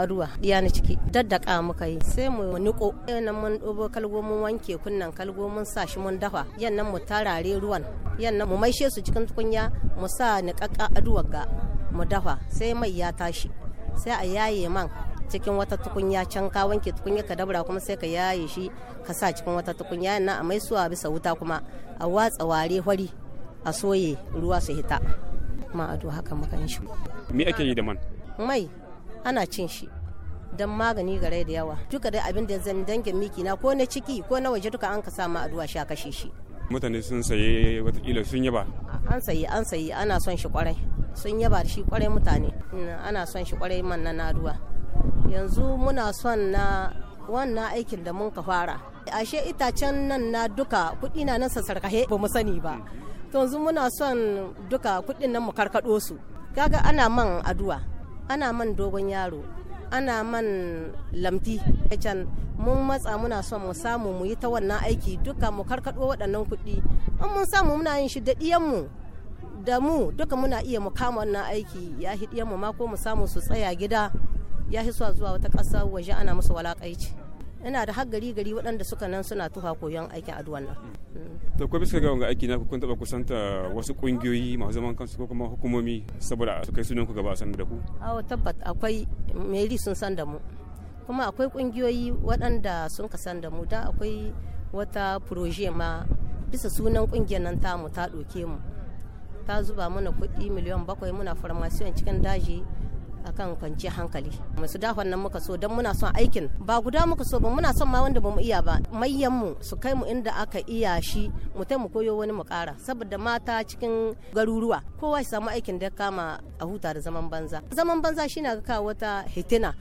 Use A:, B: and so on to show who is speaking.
A: aruwa diya ni ciki daddaka muka yi sai mu niko eh, nan mun ɗobo kalgo mun wanke kunnan kalgo mun sa shi mun dafa yannan mu tarare ruwan yannan mu maishe su cikin tukunya mu sa niƙaƙƙa aruwa ga mu dafa sai mai ya tashi sai a yaye man cikin wata tukunya can ka wanke tukunya ka dabra kuma sai ka yaye shi ka sa cikin wata tukunya na a maisuwa bisa wuta kuma a watsa ware hwari a soye ruwa su hita ma'adu haka muka
B: yi shi me ake yi da man
A: mai ana cin shi don magani gare da yawa duka dai abin da zan dangin miki na ko na ciki ko na waje duka an ka sama addu'a sha kashe shi
B: mutane sun saye watakila sun yaba
A: an sayi an sayi ana son shi kwarai sun yaba da shi kwarai mutane ana son shi kwarai man na addu'a yanzu muna son na wannan aikin da mun ka fara ashe itacen nan na duka kuɗi na nan sassarkahe ba mu sani ba to yanzu muna son duka kuɗin nan mu karkaɗo su kaga ana man addu'a ana man dogon yaro ana man lamti can mun matsa muna son mu samu mu yi ta wannan aiki duka mu karkaɗo waɗannan kuɗi in mun samu muna yin shi da ɗiyanmu da mu duka muna iya mu kama wannan aiki ya hi ɗiyanmu mu samu su tsaya gida ya hi zuwa wata ƙasa waje ana musu walaƙaici ina da har gari waɗanda suka nan suna tuha koyon aikin aduwan nan. Mm.
B: to ko bisa ga wanga aiki na kun taɓa kusanta wasu ƙungiyoyi masu zaman kansu ko kuma hukumomi saboda su kai sunan ku gaba a san da ku.
A: awo tabbat akwai meri sun san da mu kuma akwai ƙungiyoyi waɗanda sun ka san da mu da akwai wata proje ma bisa sunan ƙungiyar nan tamu ta ɗauke mu ta zuba mana kuɗi miliyan bakwai muna farmasiyon cikin daji akan kwanci hankali masu dafan nan muka so don muna son aikin ba guda muka so ba muna son ma wanda ba mu iya ba mayan mu su kai mu inda aka iya shi mu mu koyo wani mu kara saboda mata cikin garuruwa kowa ya samu aikin da kama a huta da zaman banza zaman banza shine ga kawo wata hitina